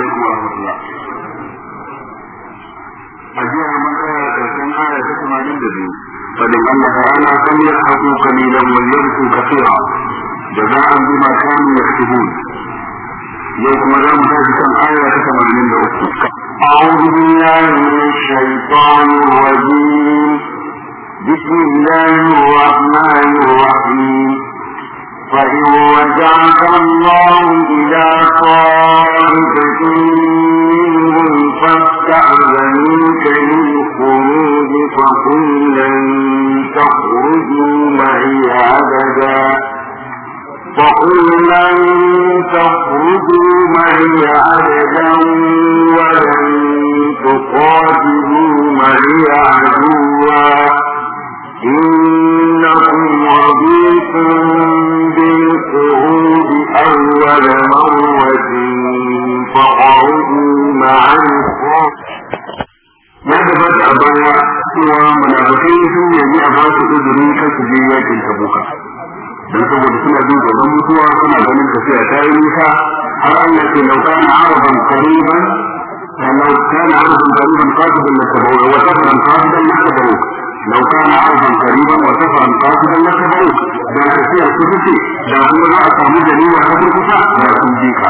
alaikum wa rahmatullah a jiya mun tsaya karshen aya ta 82 fadin Allah ta'ala kan yashaku qalilan wa yamku kathira jaza'an bima kanu yaktubun yau kuma za mu tashi kan aya ta 83 أعوذ بالله من الشيطان الرجيم بسم الله الرحمن الرحيم فإن رجعك الله إلى طائفة منهم فاستأذنوك للخروج فقل لن تخرجوا معي أبدا ولن تقاتلوا معي عدوا إنكم رضيتم بالقعود أول مرة فاقعدوا مع ya gabata a baya cewa munafikai sun yayi a ba su izini kan su je yakin tabuka don saboda suna jin gaban mutuwa suna ganin tafiya ta yi nisa har Allah ke lauka na araban kariban لو كان عرض قريبا قاصدا لاتبعوه وسفرا قاصدا لاحتضروه لو كان عرضا قريبا وسفرا قاصدا لاتبعوك da في الكتب لا هو لا أقام دليل قبل كفاء لا تنجيك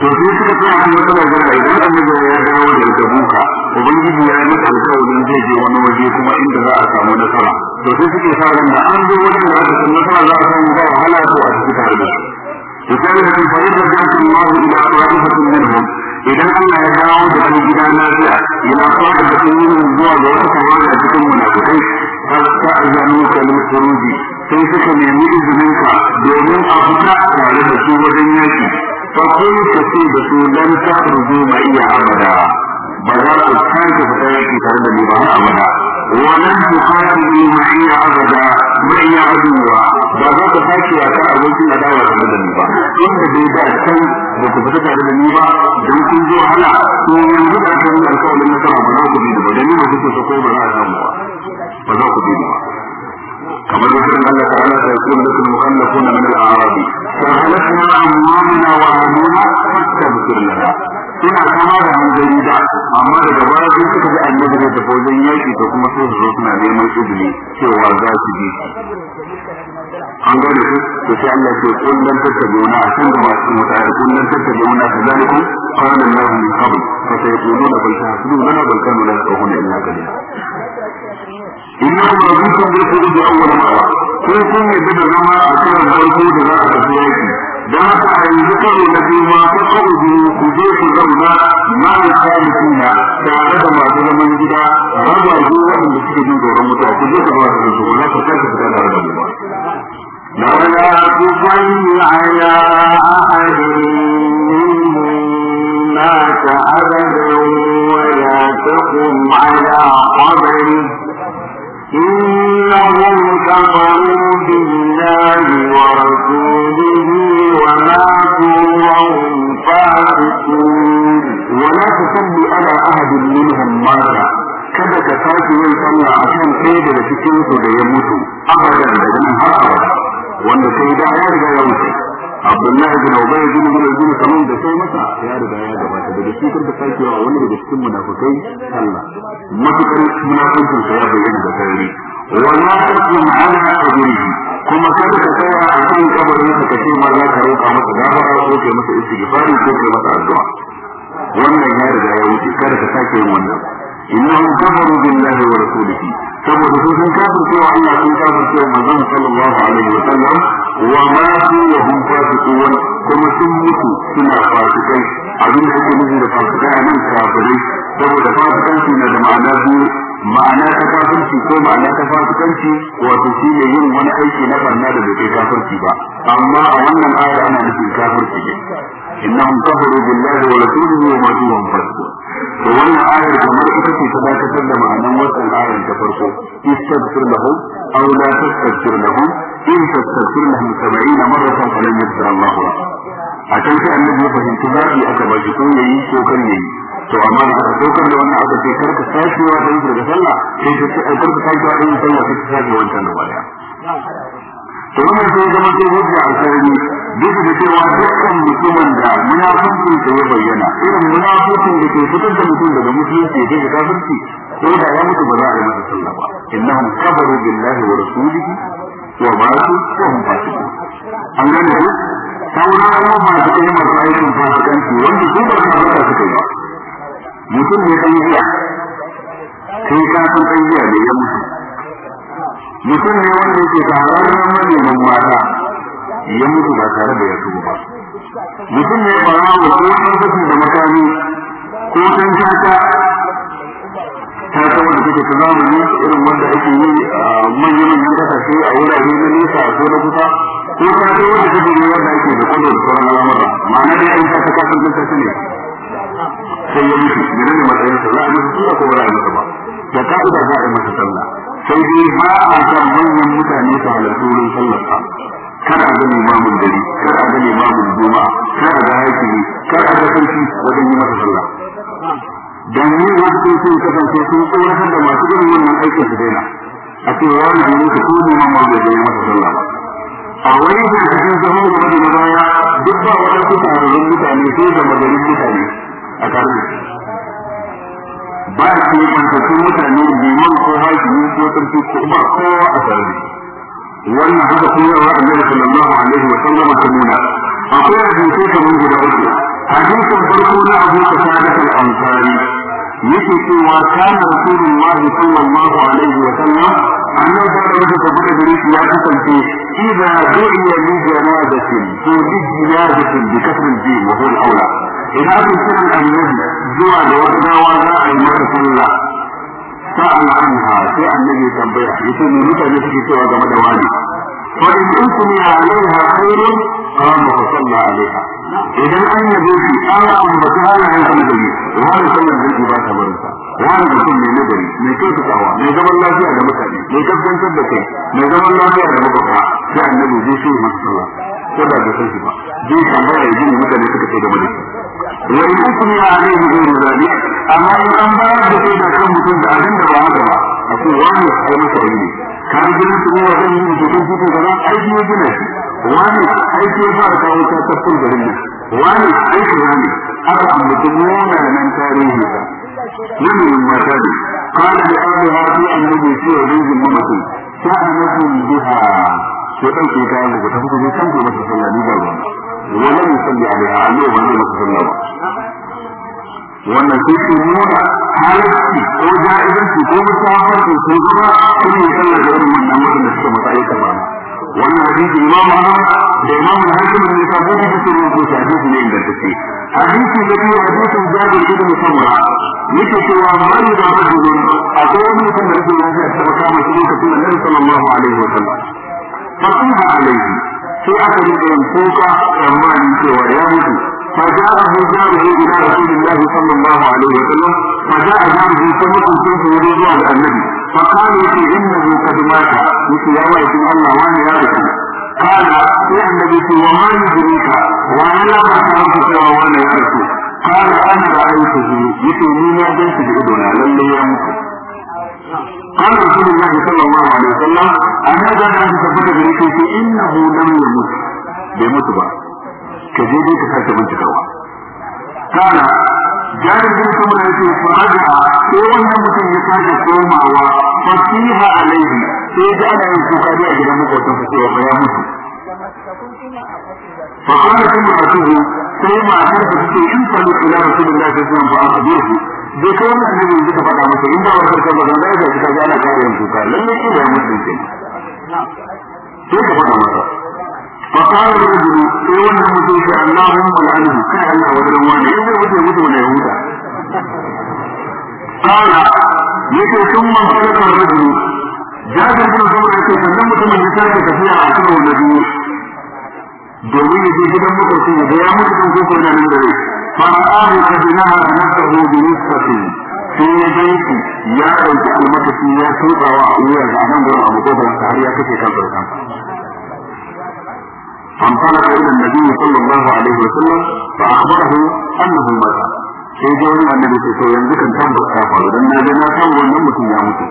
to sai suka tsaya a wata magana idan annabi ya dawo da gabuka ubangiji ya yi alƙawarin zai je wani waje kuma inda za a samu nasara to sai suke sa ran da an zo wajen da aka samu nasara za a samu ba wahala to a cikin tare da su to sai da fa'idatu Allahu ila rahmatin idan Allah ya dawo da wani gida lafiya yana fara da sun yi zuwa ga wata kamala cikin munafikai har ta azanu kalin kuruji sai suka nemi izinin ka domin a fita tare da su wajen yaki fa kun ka ce da su lan ta rubu mai iya abada ba za ku sake fita yaki tare da ni ba abada ولن تقاتل معي ابدا معي عدوا ba za ka sake ya ta abokin adawa tare da ni ba inda bai da san da ku fita tare da ni ba don kun zo hala to yanzu da kan alƙawarin nasara ba za ku bi da ba da ni ba kuke so ko ba za a samu ba ba za ku bi da ba كما ذكر الله تعالى سيكون لكم المخلفون من الاعراب فهلكنا اموالنا واهلنا حتى ذكر لنا suna kama da hanzari da amma daga baya sai suka ji annabi da tafi yaki da kuma sai su zo suna neman izini cewa za su bi an gane su to sai Allah ke kullun wani a kan gaba su mutane kullun tattabuna kazalikum qala Allah min qabl fa sayquluna bal tahsuduna bal kanu la yaquluna illa kadhiba innakum raditum bi khulud awwal marra kun kun yadda zama a cikin farko da za a tafi yaki da haka a yanzu karo na biyu ma ta karo biyu ku je ku zauna ma da tare da masu zaman gida raba ne waɗanda suke jin tsoron mutuwa ku je ku zauna da su wala ku sake fita tare da mu ba. ولا تصل على أحد منهم مات أبدا ولا تقم على قبره إنهم كفروا بالله الله ورسوله وما كلهم فاسقون ولا تصلي على منهم kada ka sake yin sallah akan kan ɗaya daga da ya mutu abadan da nan har abada wanda sai da ya riga ya Abdullahi bin Ubay bin Ubay bin da sai masa ya riga ya gabata daga shi karka sake wa wani daga cikin munafikai sallah matukar munafikin sa ya bayyana da sauri wala takum ala qabrihi kuma kada ka tsaya a kan kabarin ka kace ma za ka roƙa masa gafara ko kai masa istighfari ko kai masa addu'a wannan ya riga ya wuce kada ta sake yin wannan innahum kafaru billahi wa rasulihi saboda su sun kafir cewa Allah sun kafir cewa manzon sallallahu alaihi wa sallam wa ma su wa hum fasiqun kuma sun mutu suna fasikai abin da ake nufi da nan kafirai saboda fasikanci na da ma'ana biyu ma'ana ta kafirci ko ma'ana ta fasikanci wato shi ne yin wani aiki na barna da bai kai kafirci ba amma a wannan aya ana nufin kafirci ne innahum kafaru billahi wa rasulihi wa ma tuwam fasqu to wannan ayar kamar ita ce ta dakatar da ma'anan wannan ayar ta farko istaghfir lahum aw la tastaghfir lahum in tastaghfir lahum 70 marratan falan yaghfir Allah lahum a kan sai annabi ya fahimci zabi aka ba shi ko yayi ko yayi to amma da aka dokar da wannan aka ce karka sashi wa ɗan da sallah sai ka ce karka sashi wa ɗan sallah sai ka sashi wancan da baya to wannan sai zama sai hujja a sarari duk da cewa dukkan mutumin da munafiki da ya bayyana irin munafikin da ke fitar da mutum daga musulunci ya ga kafirci ko da ya mutu ba za a yi masa sallah ba innahum kabaru billahi wa rasulihi wa ba'athu wa hum fasiqun an gane ku sauran ba su kai masu aikin fasikanci wanda su ba su suka yi ba mutum ne ɗan giya sai ka san ɗan giya da ya mutu mutum ne wanda yake tsararren manemin mata ya mutu ba tare da ya tuba ba mutum ne ɓarawo ko ɗan fashi da makami ko ɗan shata ta kama da take ta yi irin wanda ake yi a manya-manyan kasashe a wurare na nesa ko na kusa ko ta wanda take yi wanda ake da kwallo da sauran al'amura ma'ana dai an ta kasance ta ne sai ya mutu gane ne matsayin sallah, za a masa sallah ko a masa ba da ka'ida za a masa sallah sai dai ba a san manyan mutane su halarci wurin sallar sa kar a gani mamun gari kar a gani mamun juma'a kar a ga hakimi kar a ga sarki wajen yi masa sallah don yin wasu sun kasance sun tsoratar da masu ganin wannan aikin su daina a ce wani da yake ko ne mamun gari ya masa sallah a wani da cikin zama da maza ya duk ba wani kusa da mutane sai da magarin mutane a kafin ba mutane liman ko ne ko sarki ko ba kowa a tare wannan haka sunnarwa annabi sallallahu alaihi wa sallam ta nuna akwai hadisi kamar guda uku hadisin farko na abu kasadat al-ansari yake cewa kana rasulullahi sallallahu alaihi wa sallam annan sa da wajen tabbata gare shi ya kasance idza du'iya li janazatin to li janazatin bi kasrin ji wa huwa al-aula idan aka kira annabi zuwa da wata gawa za a yi masa sallah sa'an anha sai annabi tambaya yace me mutane suke cewa game da wani fa in kuntum alaiha khairun amma sallallahu alaiha idan annabi ya ambata halayen annabi wani sallar da ba ta barinsa wani mutum ne na gari, mai nazari mai kyautatawa mai zaman lafiya da mutane mai kaskantar da kai mai zaman lafiya da makwabta sai annabi zai shi masu sallah ko da bai san shi ba zai tambaya ya jini mutane suka ce game da shi wani ne a alaihi gairu zaɓi? amma in an bayar da kai da kan mutum da abin da ba haka ba a ko wani ai masa yi ne ka yi ginin su ne wa zan yi mutum su ko gaba aiki ya gina shi wani aiki ya fara kawo ta tafsir garin nan wani aiki wani aka ambaci munanan tarihi ba wannan mata ne kana da abu ha su an rubu su ya rubu mamaki ta anakun ha. ko dan ke kayan ku ta kuma kan ku masa sallah ni ba ba wala mu salli alaiha allo ba ne masa sallah ba wannan sai su nuna halarci ko ja'ibanci ko musafarci ko zama yi da wannan mutum da suka masa ta ba wannan hadisi imamu ahmad da imamu da hakim ne ka buɗe cikin rubutu shi hadisi ne inda take hadisi da biyu hadisin da ibn samura yake cewa mari da rajulun akwai wani mutum da yake lafiya ta baka mai cikin kafin annabi sallallahu alaihi wa sallam fasiha alaihi sai aka rike yin kuka tsammanin cewa ya mutu فجاءه جاره إلى رسول الله صلى الله عليه وسلم فجاء جاره فمكن كنت يريد النبي فقالوا في انه قد مات مثل يوم الله وانا يا قال يا النبي وما يدريك وانا لا اعرف سوى وانا يا قال انا رايته مثل مين يا بنت بدنا لن يموت قال رسول الله صلى الله عليه وسلم أنا جاء أن تثبت بريكي إنه لم يموت بموت بقى كجيبي كفاك من تكوى قال jarumin kuma ya ce a ko wanda mutum ya sake komawa fasiha a laifi sai ga ana yin kuka da a gidan makwabtan su cewa bayan mutu. Fasara sun ma kasu ne sai matar da suke yin falo ila rasu da lafiya suna ba a kabe su. Zai kai wani annabi da suka faɗa masa inda wani karshen ba zan zai zai a ga ana kare yin kuka lalle ce da ya mutu ke. فقال الرجل اي وانا مسوك اللهم لعنه كان الله وجل وانا اذا وجه وجه ولا يهودا قال يجي ثم انطلق الرجل جابر بن زمر يقول sannan mutumin ya sake tafiya a karo na biyu domin ya je gidan makwabci ya ya mutu kan koko yana nan da rai fara ƙari ka bi naha da nasa hobi nisfafi sai ya gan shi ya ɗauki almakashi ya a nan gurin a makwabci har ya kashe kan فانطلق الى النبي صلى الله عليه وسلم فاخبره انه مات sai dai wani annabi sai sai yanzu kan tambar ta faru dan na ga na san wannan mutum ya mutu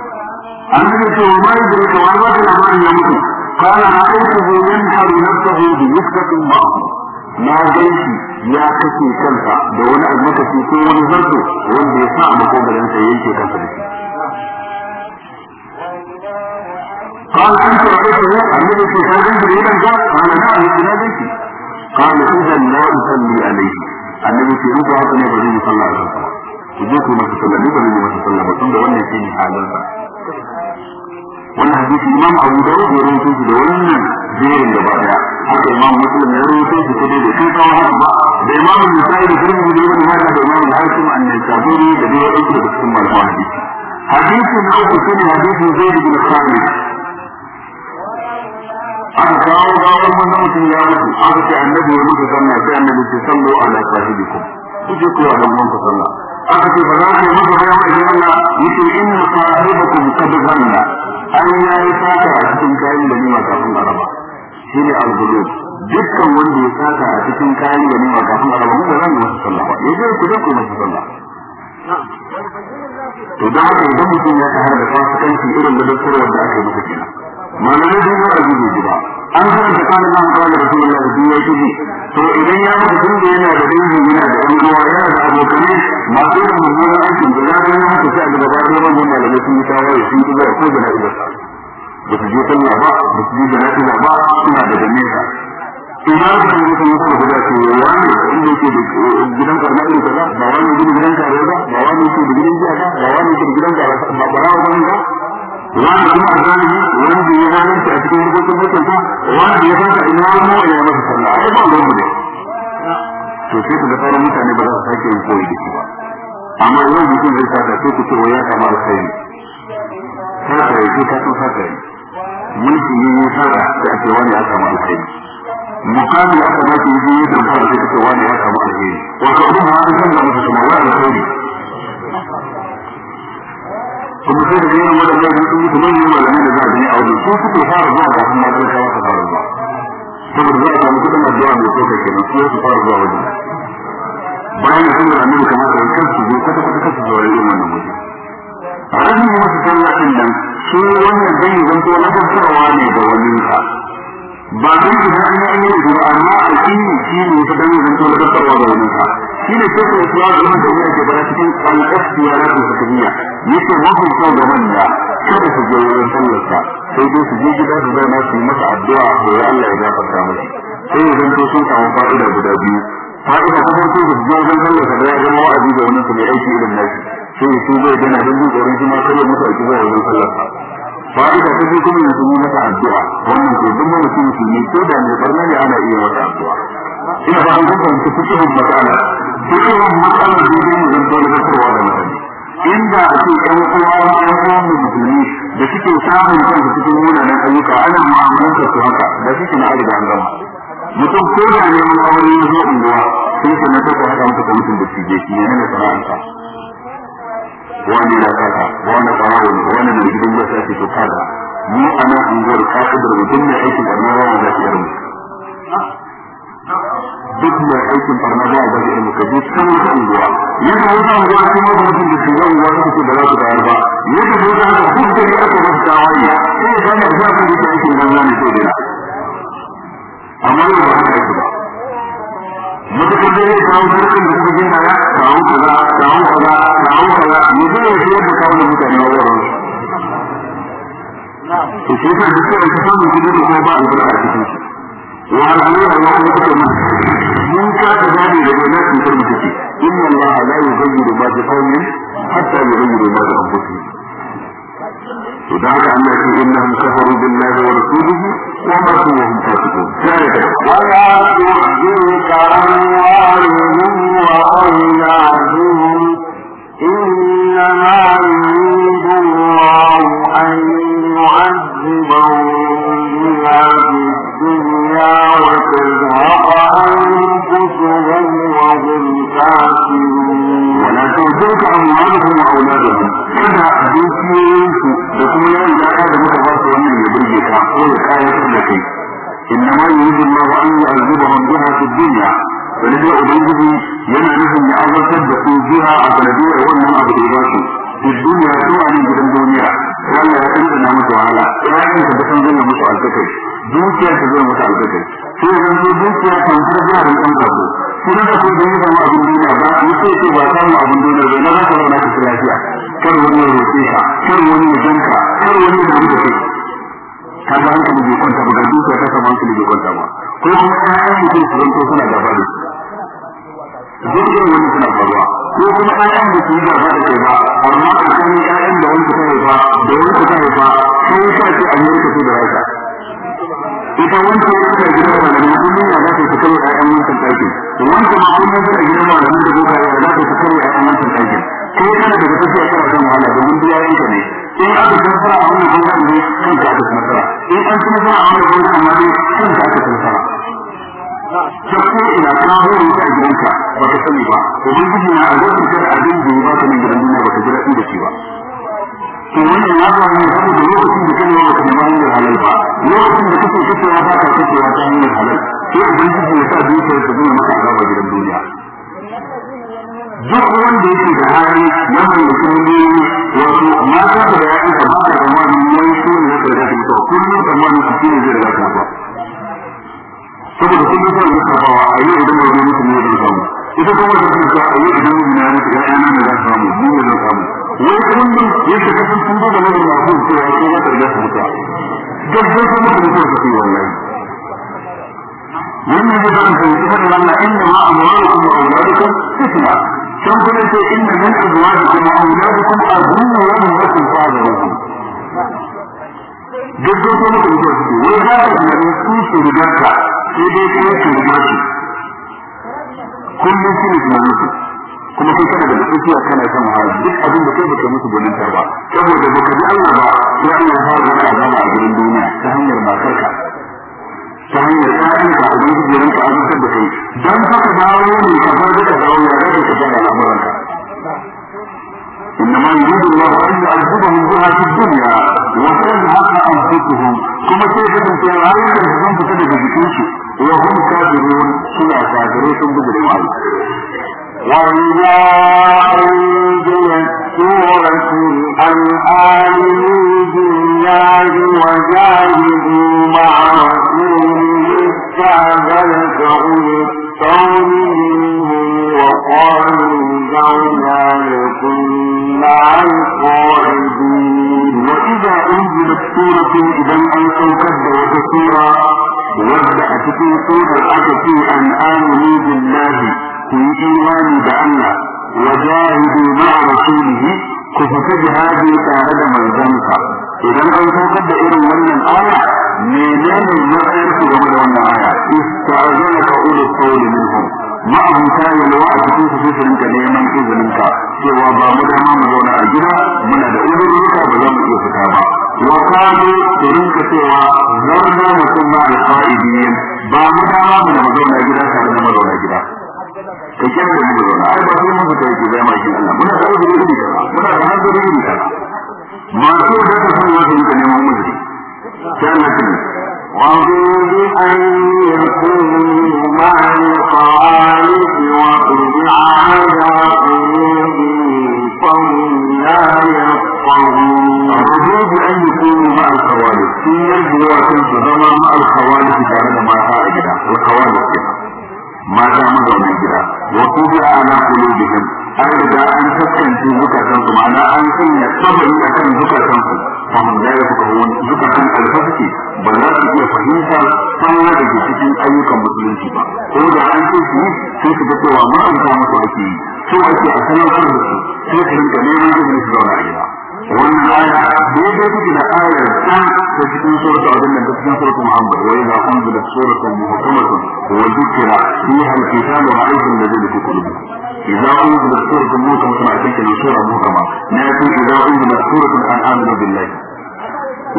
annabi ce wa mai da ka wani wata labarin ya mutu kana na aikuhu yanharu nafsahu bi yusratin ma'ahu na gaishi ya kashe kansa da wani almakashi ko wani zarto wanda ya sa a makogaransa yanke kansa da shi قال أنت رأيته الذي في ثوبه يدا قال قال نعم إلى بيتي قال إذا لا أصلي عليه الذي في ربعه أن يبدو صلى عليه وسلم وجوكم ما تصلى لبني ما تصلى بطن ده ولا يتيني حالة wannan hadisi imam abu dawud ya rawaito shi da wannan jerin gaba daya haka imam muslim ya rawaito shi kuma da sun kawo haka ba da imam nisa'i da turmi da ibn majah da imam al-hakim an nisaburi da dai wadansu da cikin malaman hadisi hadisi na uku shine hadisin zaid bin khalid aka kawo gawar wannan mutum ya mutu aka ce annabi ya mutu sanna sai annabi san sallu ala sahibikum kuje ku dan mun ku sanna aka ce ba za ku mutu ba mai sanna yace inna sahibakum qad zanna an ya yi saka a cikin kayan da ni kafin araba shi ne al dukkan wanda ya saka a cikin kayan da ni kafin araba mun ba za mu masa sallah ba yaje ku da ku masa sallah to da haka idan mutum ya ka har da fasikanci irin da dokar wanda aka yi masa kenan malamai don har abu ne guda an karanta kanin nan kawai da rasul Allah da su shi to idan ya mutu sun da yana da dangi yana da ɗan yana da abokanai masu da mummunan aikin da ya ga ya mutu sai a gaba da yawan mun malamai sun yi tawaye sun ko da na ibada ba su je sallah ba ba su je jana'iza ba suna da nesa ina da kan mutum da guda ce wani inda yake da gidan karna irin kaza ba wani gidan kaza ba ba wani yake da gidan ba ba wani yake gidan kaza ba ba wani ba wani kuma a zalimi wani da ya zalunci a cikin harkokin mutunta wani da ya fata ina wani mawa ya masa sallah ai ba ruwan mu ne to sai ku ga sauran mutane ba za su sake yin koyi da shi ba amma yau mutum zai sata sai ku ce ya kama da sayi sata ya ce ta san sata mulki ne ya sai ake wani ya kama da sayi mukami ya kama yi sai ku ce wani ya kama da sayi wato abin da ya san da mutum kuma wani kuma sai da yawan waɗannan hutun mutu manyan malamai da za a yi aure su suke fara zuwa ba kuma sun kawo su fara zuwa saboda za a samu kudin addu'a mai tsoka kenan su su fara zuwa wajen bayan sun da annabi kamata ya kansu zo kwata kwata kansu zuwa yin wannan wajen. a rashin yi masa sallah ɗin nan su wannan zai zanto na fassarwa ne da wani ka ba zai ji daɗin an yi da amma a kini shi ne ta dan zanto na fassarwa da wani ka shi ne ko ko kuwa da mun da yake bara cikin al-ikhtiyara al-fiqhiyya yake mahun kan gaban da kada su je wurin sallar sai dai su je gida su zauna su yi masa addu'a ko Allah ya gafarta masa sai ya to sun samu fa'ida guda biyu fa'ida ta farko da je wurin sallar sa da ya zama wa'azi da wani mai aiki irin nashi sai su zai gana dan jin tsoron shi ma sai ya musu aiki zuwa wurin sallar sa fa'ida ta biyu kuma ya yi masa addu'a wannan ko duk mutum ne ko da mai barna ya ana iya masa addu'a ina ba mun fahimci cikin matsala cikin matsala da yake mun dole da kowa da mai inda ake ɗan kowa ɗan kowa musulmi da suke samun kansu cikin munanan ayyuka ana mu'amalanta su haka da suke na arziki an gama mutum ko da neman aure ne zo unguwa sun ce na tafi haka mutum mutum da su ne na sana'anta wani na kaka wani ɓarawo wani mai gidan ya sa ke to kaza mu a nan unguwar ka'idar mutum ne aikin ɓarnar rawa za ki yarmu duk mai aikin farma za a bari ilmi ka je can wata unguwa yadda mutum da shugaban ce da za su bayar ba duk da ya wasu tawaye aikin ne sai dai amma yau ba haka aiki ba da ya kawo sarkin da suka gina ya kawo kaza kawo kaza kawo kaza da kawo da mutane wurin su. da da ba a cikin shi. وعلى ما يقول من كان ذلك لبينات من إن الله لا يغير ما بقوم حتى يغيروا ما بأنفسهم وذلك أنه إنهم كفروا بالله ورسوله ومرسوهم فاسقون ذلك ولا تحزنك أموالهم وأولادهم إنما يريد الله أن يعذبهم بها في الدنيا تزهق أنفسهم وهم كافرون ولا تنفعك أموالهم وأولادهم kada dukiyoyinsu da kuma yawan ya'ya da muka ba su wannan ya burge ka ko ya kayatar da kai innama yuridu Allahu an yu'azzibahum biha fid dunya sanadiyar ubangiji yana nufin ya azartar da su jiha a sanadiyar wannan abu da ya su fi duniya su a nan gidan duniya Allah ya tantana musu wahala ya yi ka da san zai musu alkakai dukiyar ta zai musu alkakai sai zan zo dukiya kan har jarin ɗan ƙarfi shi na kaso da yin zama abin duniya ba ya ce ce ba samu abin duniya ba na za ka na ka lafiya kar wani ya roƙe ka kar wani ya danka kar wani ya zama da kai ka ga hankali bai kwanta ba ga dukiya ta samu hankali bai kwanta ba ko kuma ƴaƴan mutum su zanto suna gaba da su duk irin wani suna faruwa ko kuma ƴaƴan da su yi gaba da kai ba amma a kan ƴaƴan da wani ta haifa da wani ta haifa sai sa ce a yi rika su da rasa ita wanda ya fita gidan malamin kullum ya za ta fita a ƴaƴan wancan ɗakin wanda ma kullum tana gidan malamin da duka ya za ta fita a ƴaƴan wancan ɗakin ko kana da wata sai kana kan wahala domin biya yanka ne in aka san fara a wannan bangaren ne kan ta aka san fara in an san fara a wannan bangaren ne kan ka aka san fara ta ko ina ka hore ta a gidanka ba ka sani ba ubangiji na a lokacin da abin da ya ba ta nan gidan duniya ba ta ji inda da shi ba to wannan ya ga ne saboda lokacin da kake yawa kuma ban da halal ba lokacin da kake kake yawa ka kake ya ta hanyar halal sai ubangiji ya sa dukiyar ka zuwa maka azaba gidan duniya duk wanda yake da hali ya mallaki miliyoyi wato mata da yayin da ba da zamani yayi su ne da da su kullum zamani su ne da da ba saboda kullum sai ya saba wa ayi idan mai mutum ne da samu ita kuma da ta ayi idan mai mutum ne da samu ne da samu wai kullum ya shiga cikin duba da mai masu cewa ko ba ta riga su mutuwa gaggai ko mutu mutuwa su fi wallahi wannan zai zama sai kuma da Allah inna ma amwalukum wa auladukum fitna can kuma sai inna min azwajikum wa auladukum aduwwun lakum lakum fa'dhuruhum gaggai ko mutu mutuwa su fi wai za ka yi su su riga ka sai dai kuma su riga su kullum su ne su kuma sun kana da gaskiya kana kan wahala duk abin da kai baka musu gonin tarwa. saboda baka ji Allah ba sai Allah ya fara maka a gurin duniya ta hanyar matarka ta hanyar tsarin da abin da yayin ka azabtar da kai dan haka dawo ne ka bar da dawo ya rage ka da al'amuran ka إنما يريد الله أن يعذبهم بها في الدنيا وتزهق أنفسهم كما كيف تنتهي العالم تنتهي فتنة بجيشه وهم كافرون وإذا أنزلت سورة أن آمنوا بالله وجاهدوا مع رسوله استعجلك أولي الطول وقالوا دعنا لكن مع القاعدين وإذا أنزلت سورة إذا أن سورة أتكي أن آمنوا بالله kuyi imani da Allah wa jahidu ma'a rasulihi ku fita jihadi tare da manzansa idan an saukar da irin wannan aya menene matsayin su game da wannan aya ista'zanaka ulul qawli minhum ma'abuta yalwa a cikin su su neman izinin ka cewa ba mu dama mu zauna a gida muna da uzurruka ba za mu iya fita ba wa kanu su rinka cewa zarna mutum ma alfa'idiyin ba mu dama mu zauna a gida tare da a gida ka أَنْ يَكُونُوا مَعَ الْخَالِقِ وَأُرِدْ عَلَى قُلُوبِهِمْ فَهُمْ لَا يَفْقَهُونَ أَرِيدُ أَنْ يَكُونُوا مَعَ الْخَوَالِقِ في يَجْرِ وَكَيْفَ زَمَا مَعَ الْخَوَالِقِ كَانَ مَعَهَا أَجْرًا الْخَوَالِقِ ماذا مدعو من a وطبع على قلوبهم an riga an tattance zukatansu ma'ana an sanya sabari a kan zukatansu fahim da ya fuka wani zukatan alfafki ba za su iya fahimta tsawon da ke cikin ayyukan musulunci ba ko da an ce su yi sai su ga cewa mutunta musu ake yi su ake a sanar da su sai su rinka neman izini su zauna a gida wannan aya daidai take da ayar ta ta cikin suratul abin da cikin suratul muhammad wa idza unzilat suratul muhkamatun wa dhikra fiha al-qital wa ra'aytul ladina fi qulubihim إذا أنزلت سورة محكمة أتيت لسورة محكمة لكن إذا أنزلت سورة أن آمنوا بالله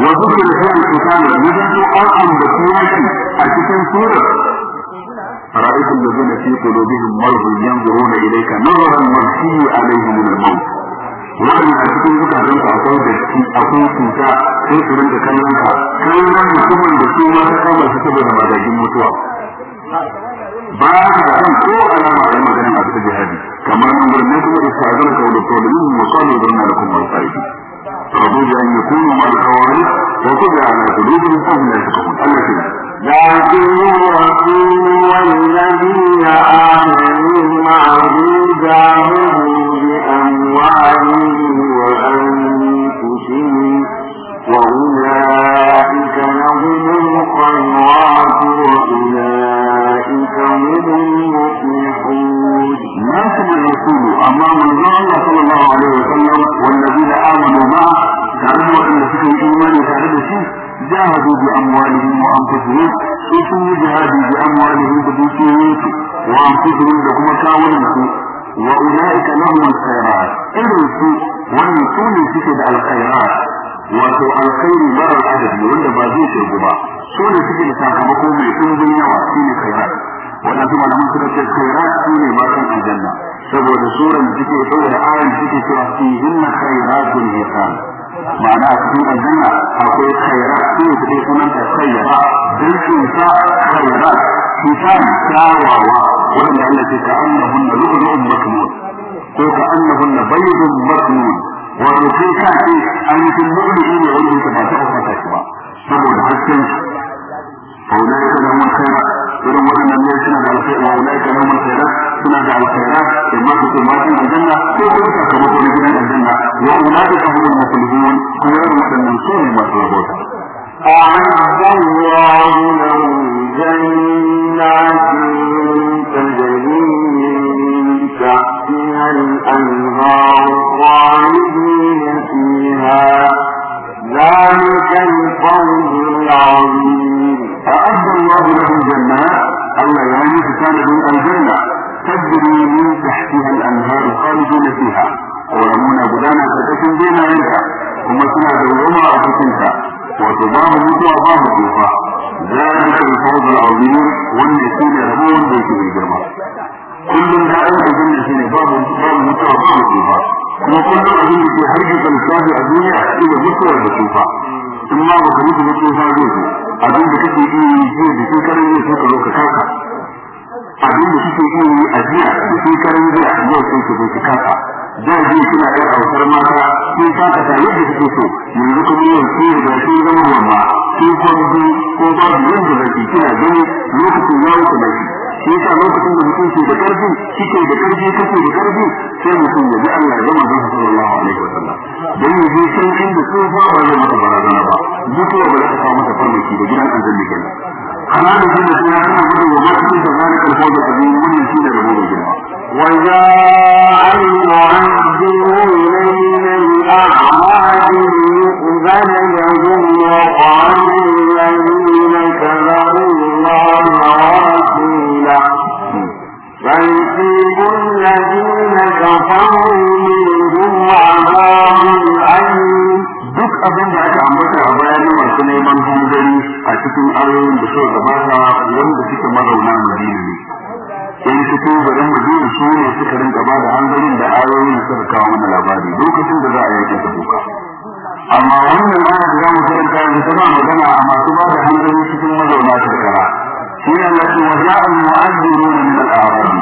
وذكر فيها القتال وجدت أرقم بسياسي أتيت سورة رأيت الذين في قلوبهم مرض ينظرون إليك نظرا المغشي عليهم من الموت wanda a cikin mutanen ka akwai da shi akwai cuta sai su rinka kallon ka kallon mutumin da su ma ta kama su saboda magajin mutuwa ba ka da kan ko alama a yi maganin a cikin jihadi kamar umarni kuma da sa'adar ka da tolin musamman da na da kuma alfaidi رضي أن يكونوا مع الخوارج وتجعل قلوبهم فهم لا يفقهون الله لكن الرسول والذين آمنوا معه جاهدوا بأموالهم وأنفسهم وأولئك لهم الخيرات وأولئك هم المفلحون. نسل الرسول أمام الله صلى الله عليه وسلم جاهدوا بأموالهم وأنفسهم إيشو جاهدوا بأموالهم بديسيوك وأنفسهم لكم كاولنك وأولئك لهم الخيرات إلوك ونسون سكد الخيرات وتو الخير بار الأدب يولد بازيك الجبا سون سكد ساقمكم من إنجل وعسين الخيرات ونسوما لهم سكد الخيرات سين مرحل الجنة سبو دسورا سكد حول آل سكد فيهن خيرات الهيطان ma'ana a cikin aljanna akwai khairat su ne take sunan ta khaira dan cuta khairat cuta kyawawa wanda Allah ke ka annahun da lu'lu'un maknun ko ka annahun da baydun maknun wato kai ka ce an yi lu'lu'i ne wanda ka ba ta ofata shi ba saboda hasken shi أولئك لهم الخيرات إذا وإن الناس نزل فيها أولئك لهم الخيرات suna da alkhairat da masu tsammanin aljanna ko kuma sakamako na gidan aljanna wa ulaika humul muflihun kuma yawan waɗannan su ne masu rabota أعد الله لهم جنات تجري من تحتها الأنهار خالدين فيها ذلك الفوز العظيم أعد الله لهم جنات الله يعني تكالب الجنة تجري من تحتها الأنهار خالدون فيها ويرمون بدانا فتكن دون ينفع ثم سنا دوما أتكنتا وتباه مطوع باه كيفا ذلك الفوز العظيم والنسين ربون بيت الجمع كل لا أنت جنة باب باب مطوع باه كيفا وكل kullum في da ke hargitsa lissafi a duniya a cikin mutuwar da tufa in ma baka mutu mutuwa zai zo abin da kake iya abin da suke iya yi a jiya da shekarun jiya yau sai su zai kasa da ji suna ɗan autar mata sun kasa ta yadda suke so yanzu kuma yau sai da sun zama mamma sun kwanzu ko babu yadda da su kina gani lokacin ya wuce da shi shi yasa lokacin da mutum ke da ƙarfi kike da ƙarfi kake da ƙarfi sai mutum ya bi Allah zama da sallallahu alaihi wa sallam dan ya je san inda tsofa ba zai mata barazana ba mutuwa ba za ta kawo mata farmaki da gidan aljanna kenan حرام جدا من يشيل الربوب الجماعة وجاء الذين كفروا الله ورسوله فيصيب الذين كفروا منهم عذاب أليم duk abin da aka ambata a bayan masu neman hanzari a cikin ayoyin da suka gabata wanda suka mazauna madina ne in cikin garin madina su ne suka rinka ba da hanzarin da ayoyin da suka kawo mana labari lokacin da za a ta tabuka amma wannan ana da zamu karanta yanzu tana magana a masu ba da hanzari cikin mazauna karkara shi ne na ce yi mu'azziruna min al-arabi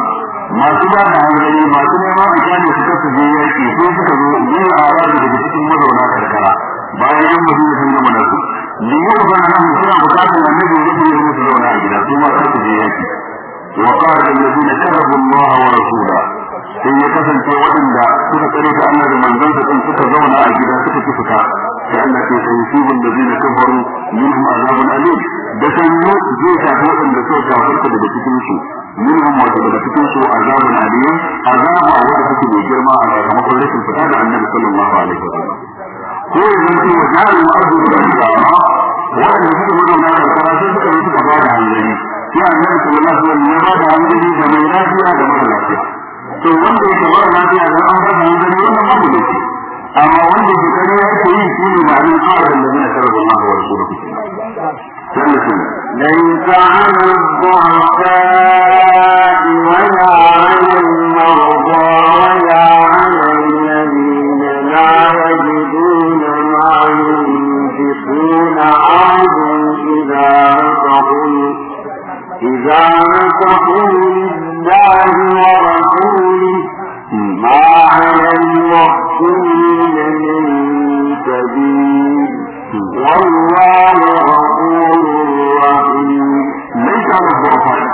masu ba da hankali masu neman a kyale su kasu je yaki sai suka zo yin arabi daga cikin mazauna karkara bayan an madina sun gama da su da yau ba na mu suna bukatar annabi ya yi musu zauna a gida kuma sai su je yaki wa qala alladhina karabu Allah wa rasula sai ya kasance waɗanda suka tsare ta Allah da manzon sa sun suka zauna a gida suka ci fita sai Allah ke sai su bin da zina kafaru minhum azabun alim da sanyo zai shafi waɗanda suka kafarta daga cikin su minhum wato daga cikin su azabun alim azaba wanda take mai girma a sakamakon rashin fita da annabi sallallahu alaihi wasallam ko ya zanto wa jarin wa abu da dawa waɗanda suka zo da mai kara sai suka yi suka bada hanzari sai annabi sallallahu alaihi wasallam ya bada hanzari da mai lafiya da mara lafiya to wanda yake mara lafiya da an bada hanzari wannan babu da shi amma wanda ke gani ya ke yi shi ne ma'anin kawai da zai tarar da Allah wa rasuluhu ليس على الضعفاء ولا على المرضى ولا على عاد إذا نصحوا إذا ورسوله ما على المحسنين من والله غفور رحيم ليس على الضعفاء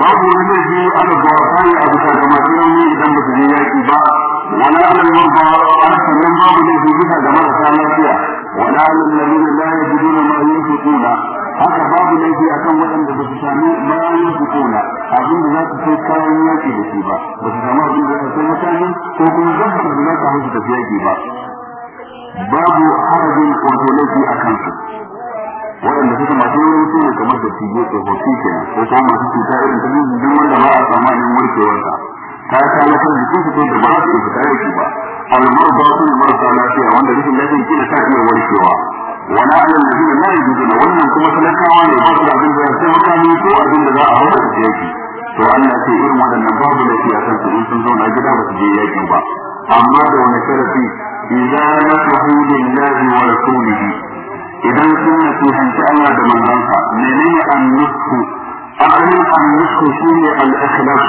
باب الذي على الضعفاء أبو كما إذا مسجياتي باب ولا على المرضى أنا سلم باب الذي بها جمال الثانية ولا على الذين yajiduna ma yunfiquna haka babu laifi akan waɗanda ba su sami ma abin da za su sai kayan yaki da shi ba ba su sami abin da za su sai mutane ko kuma zabbar da za su hau su tafi yaki ba babu harajin wato laifi a kan kansu waɗanda suka masu yin su ne kamar da tije tsofaffi ke nan ko kuma masu cuta irin ta jin jin wanda ba a tsammanin warkewarsa ta kalatar jikin su da ba su fita da shi ba almar ba su marasa lafiya wanda rikin lafiya kila ta iya warkewa wala ala alladhina la yajiduna wannan kuma talakawa ne ba su da abin da ya taimaka ne ko abin da za a hauka su yaki to Allah ce irin waɗannan babu da ya san su in sun zauna gida ba su je yakin ba amma da wani sharafi idza nasahu lillahi wa rasulihi idan sun nasihanci Allah da manzansa menene annusu أعلم النصح شيء الإخلاص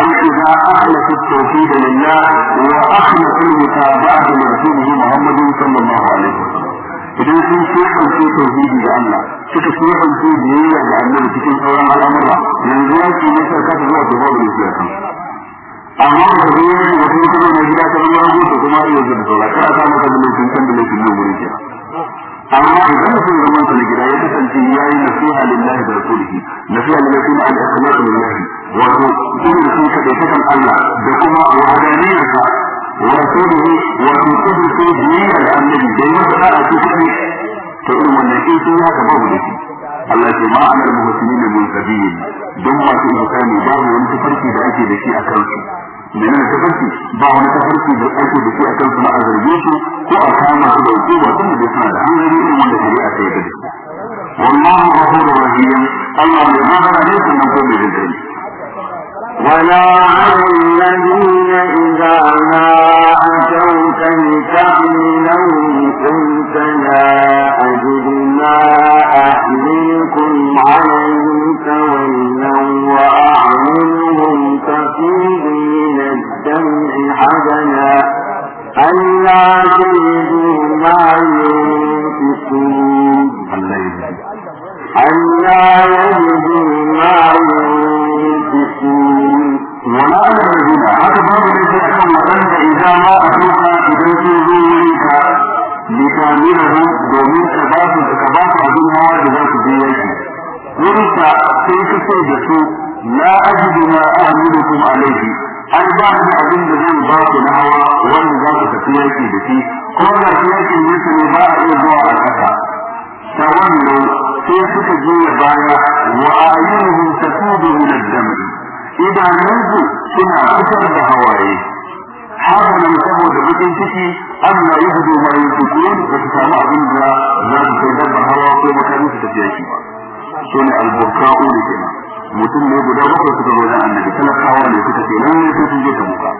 أي إذا أخلص التوحيد لله وأخلص المتابعة لرسوله محمد صلى الله عليه وسلم idan sun shekance tauhidi da Allah suka shekance biyayya da Allah cikin sauran al'amura yanzu ya ce ne sarka ta zuwa tuba da yake kan amma da zuwa ne da kuma kuma na gida ta ruwa ne da kuma iya da zuwa kar a samu kan mulkin kan da mulkin nan wurin kira amma idan sun zama ta gida ya kasance ya yi nasiha lillahi da rasulihi nasiha lillahi kuma al-ikhlasu lillahi wato sun sun kada ta kan Allah da kuma wadaniyarsa ورسوله وفي قدرة دين الأمن بين الأعلى في فإن والنبي فيها كبابه Allah ce ma anar muhsini ne mun sabiyin don masu ihsani ba wani tafarki da ake da shi a kansu menene tafarki ba wani tafarki da ake da shi a kansu na azarge su ko a kama su da hukuma da suna da an gani irin wanda shari'a ta yarda da والله غفور رحيم الله يغفر عليكم من كل ذنب ولا على الذين إذا ما أتوك لتحملهم قلت لا أجد ما أحملكم عليه تولوا وأعملهم تفيض من الدمع حزنا ألا تجدوا ما ينفقون ألا يجدوا ما ينفقون ولا على الذين هذا باب الذي أكون وأنت إذا ما أتوك إذا تزورك لتعمله دومين كباس كباس أبنها بذات ديك ورك كيف تجد لا أجد ما أعملكم عليه an ba ni abin da zan ba ku na hawa wanda za ku tafi yaki da shi ko da yaki ne ne ba a iya zuwa a kasa ta sai suka je baya wa ayyuhum idanunku suna fitar da hawaye haka nan saboda bakin ciki an na yi hudu mai tukun da su samu abin da za su kai dabba hawa ko makarin su tafiya shi ba so ne alburka'u ne kenan mutum ne guda bakwai suka zo dan annabi talakawa ne suka ce nan ne sun je ta muka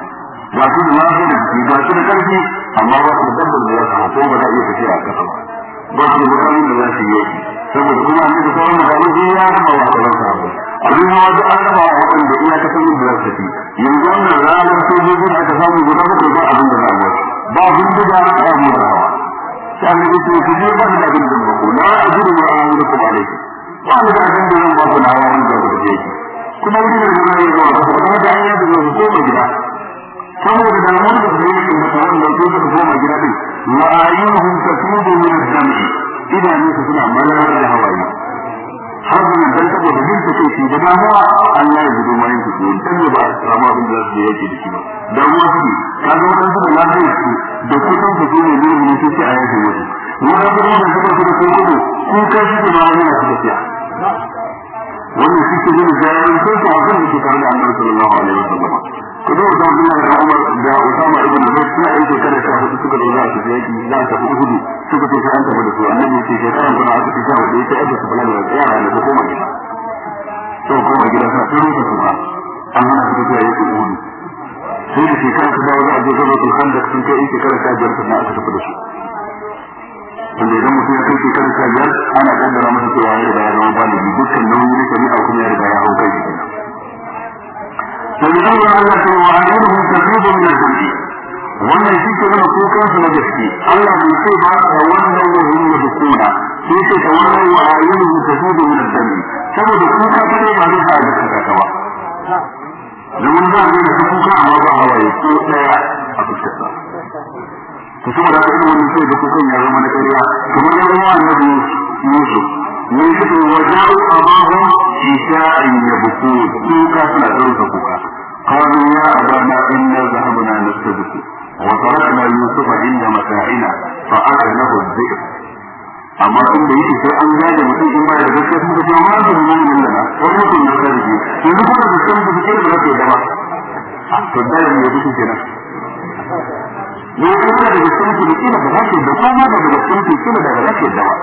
ba su da mafi da jiki ba su da karfi amma ba su da dabbar da su ko ba za a iya tafiya a kasa ba ba su da makarin da za su yi saboda kuma an da sauran makarin ya ba wasu ran sahabbai abin hawa duk an raba wa waɗanda iya ta san yadda za su yanzu wannan ranar sojoji da aka samu guda ba ba abin da za a wasu ba abin a yi da hawa sai an yi su je ba da abin da ba na a gudu mura hawa da kuma alaikum ba da da zan ba ku na hawa da ku je kuma wani da zai yi zuwa ba kuma da an yi da ko mai gida saboda da mun da zai yi da kuma da zai ko mai gida din ma'ayyuhum tasudu min ad-dami idan su suna malar da hawaye hakan dan saboda jin take shi da damuwa Allah ya gudu mai ku dan ne ba samu abin da zai yake da shi ba da wani ka ga wannan da lafiya su da kudin da ne ne ne take a yanzu wani wani kudin da suka fito ko kudu ko ka shi da wani na tafiya wannan shi ke nuna jayayin ko ko abin da ke da Annabi sallallahu alaihi wasallam ku zo da Abdullah da Umar da Usama ibn Zayd suna aiki kada ta hudu suka zo su je yaki za su fi Uhud suka ce an tafi da su annabi ce shekaran kuma aka fita da yake aje su fulani da yara ne ko kuma gida to kuma gida sa sai ruwa su ba an hana su tafiya yaki Uhud sai da shekaran ta dawo za a je gaba su kan sun kai shekara ta biyar sannan aka tafi da su wanda idan mutum ya kai shekara ta biyar ana kaddara masa cewa ya da ya zama baligi dukkan nauyin Allah ta wa ayyuhum tasbihu min al wannan shi ke nuna ko na gaske Allah bai ce ba wannan shi ta wannan min al saboda kuka ta ba zai da domin ba ne da kuka amma ba hawaye ko daya a fuskarsa to saboda haka irin sai da ya zama na ƙarya kamar ya zama annabi Yusuf kuka suna ɗaukar قالوا يا أبانا إنا ذهبنا نستبق وتركنا يوسف عند متاعنا فأكله الذئب أما إن بيتي في أن لا يمكن إما يتذكر من الجمال من من لنا ويمكن أن يتذكر في نقول في كل مرات الجمال فالدائم يبكي كنا ويقول لك بالسنة في كل مرات الجمال فما بدأ بالسنة في كل مرات الجمال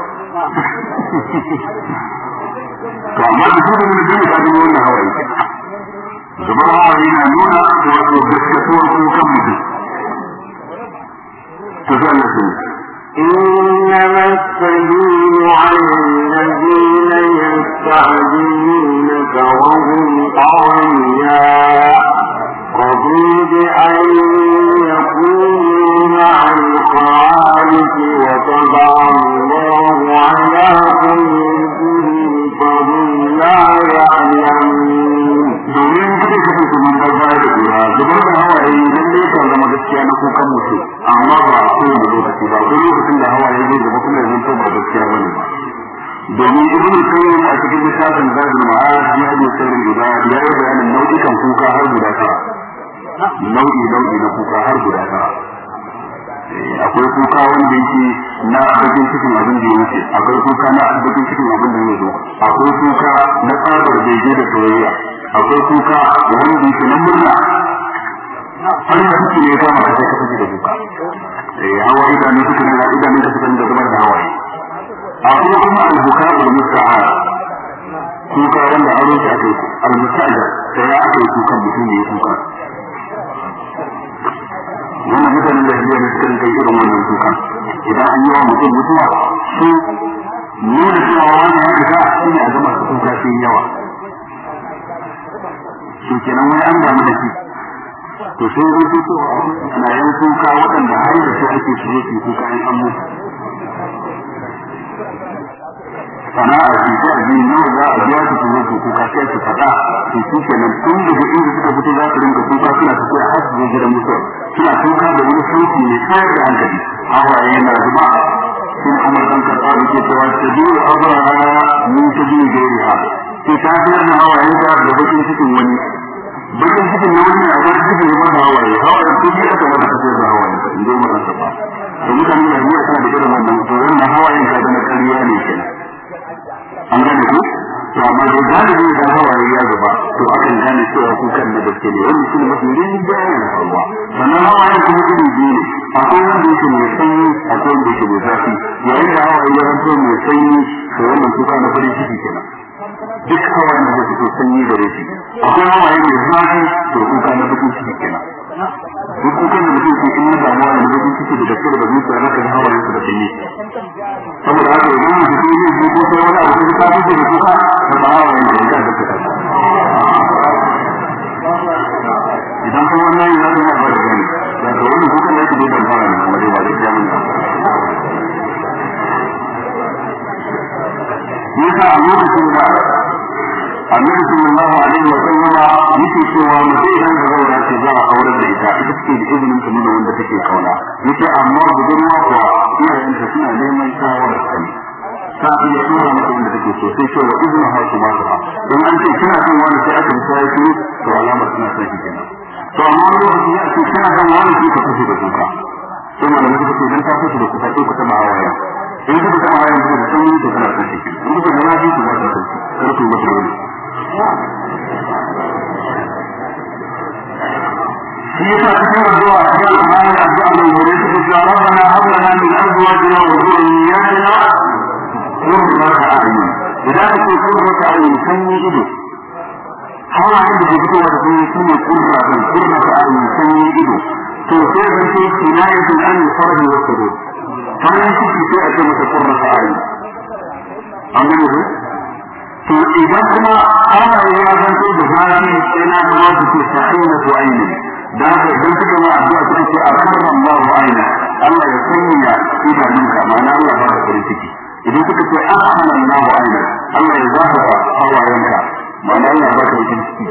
فأما بسنة من الجمال فأنا يقول لها ويمكن zubar hawa yana nuna wato gaskatuwar kukan إنما السبيل على الذين يستعجلونك وهم أغنياء رضوا بأن يكونوا مع الخالق وطبع الله على قلوبهم فهم لا يعلمون domin kada ka kasance mun bar baya da jura zubar da hawaye lalle kan zama gaskiya na kukan mutum amma ba a kowane lokaci ba akwai lokacin da hawaye zai zama kuma yanzu to ba gaskiya ba ne Domin domin ibn qayyim a cikin littafin zadul ma'ad ya yi sirrin ibad ya yi bayanin nau'ikan kuka har guda tara nau'i nau'i na kuka har guda tara eh, akwai kuka wanda yake na bakin cikin abin da ya wuce akwai kuka na bakin cikin abin da ya zo akwai kuka na tsabar daidai da soyayya akwai kuka da wanda yake nan murna har da suke ne kama ka sai ka fice da kuka eh hawa idanu suke nan idanu ta fitan da zama da hawaye akwai kuma albuka buka Musa mustaar kuka wanda aure shi aka yi al-musta'ar ya aka yi kuka mutum ne kuka wannan mutanen da biyar da suka kai irin wannan kuka idan an yi wa mutum mutuwa su nuna cewa wannan ya fita shi ne a zama kuka sai yawa to kenan wani an damu da shi to sai zai fito na yan kuka waɗanda har da su ake su zo su kuka an an mutu sana'a su ta biyu nawa za a biya su su zo su kuka sai su faɗa to shi kenan tun daga inda suka fito za su rinka kuka suna tafiya har su zo gidan mutuwa suna kuka da wani sauti mai tsayar da hankali hawaye yana zuba sun amurkan karɓa da ke cewa ta biyu abara min ta biyu jeriya to ta zubar da hawaye da da bakin cikin wani bakin cikin na wani a wani cikin yawan da hawaye hawaye ko biya ta wani kasar da hawaye ba inda yi mara saba da mutane da biyar suna da irin wannan to wannan hawaye da zama kariya ne kenan an gane ku to amma da galibi da hawaye ya gaba to akan gane cewa kan na gaske ne wani shi ne mafi yin na hawa sannan hawaye kuma iri biyu ne akwai wanda yake mai sanyi akwai wanda yake mai zafi yayin da hawaye ya zanto mai sanyi to wannan kuka na farin ciki kenan duk hawayen da zai fito sanyi gare shi akwai hawaye mai zafi to kuka na bakin ciki kenan duk kukan da mutum ke in damuwa da bakin ciki da gaske da zuciya na kaga hawayen su da sanyi saboda haka idan mutum ke yin zuciya sai wani abu da ta fito da kuka ka ba hawayen da ya ga da idan kuma wani yayi na da ba da gani da wani kukan da yake da ban hawayen kuma dai ba da yasa a lokacin da annabi sallallahu alaihi wa sallama yake cewa mutum idan ka zauna ce za a aurar da ita ita ce da izinin ta nuna wanda take kauna yake amma budurwa kuwa iyayenta suna neman shawarar ta ne ta iya tura mata wanda take so sai cewa izinin haiku ma ta don an ce kina son wani sai aka bisa ya to alamar suna son ki kenan to amma wani lokaci ya kina son wani sai ka kashe da kuka sai malamai suka ce idan ta kashe da kuka sai ku taɓa in kuka kama hanyar da sun yi to kana kashe in kuka zama ji ku ba kar ku mata wani shi yasa cikin addu'a cikin amana addu'a mai gore suka ce rabbana hab lana min azwajina wa dhurriyyatina qurrata a'yun idan ku qurrata a'yun sun yi ido hawayen da ke fitowa da sun yi sun yi qurrata qurrata a'yun sun ido to sai zan ce farin ciki sai a ce masa kurna sa'ayi an gani ne to idan kuma ana ya zanto da zafi sai na zama su ce sa'ina su aini da haka idan suka ma addu'a sai ce a karnan ba wa aina Allah ya sanya idanunka ma'ana Allah ba ka farin ciki idan suka ce a karnan ba wa aina Allah ya zafa hawayenka ma'ana Allah ba ka farin ciki kenan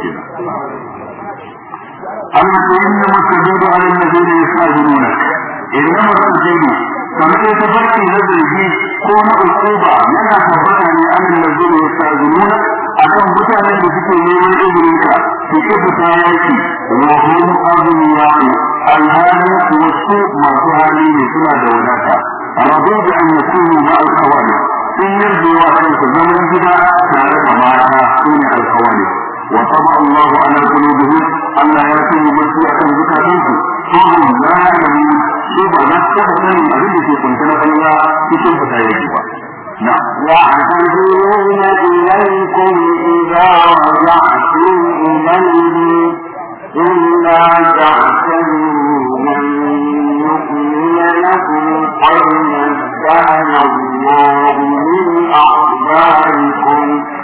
Allah ya yi masa dubu a yin da zai yi فمن يتفكر هذا الجيل كون عقوبة من أخبرنا عن الذين يستأذنون أكم بتانا بذكر من إذنك في كبتاياتي وهم أغنياء يعني. الهالي والسوء مرتهالي لسنا دولك رضوا أن يكون مع الخوالي إن يرضوا أن تزمن بها تعرف معها دون الخوالي وطبع الله على قلوبهم ألا يأتوا مسيئة ذكرتهم فهم لا يريد شوف نفسه من أبي في كنتنا فلا تشوف تايجوا نعم يعتذرون إليكم إذا رجعتم إليهم إلا تعتذروا لن يؤمن لكم قد نزل الله من أخباركم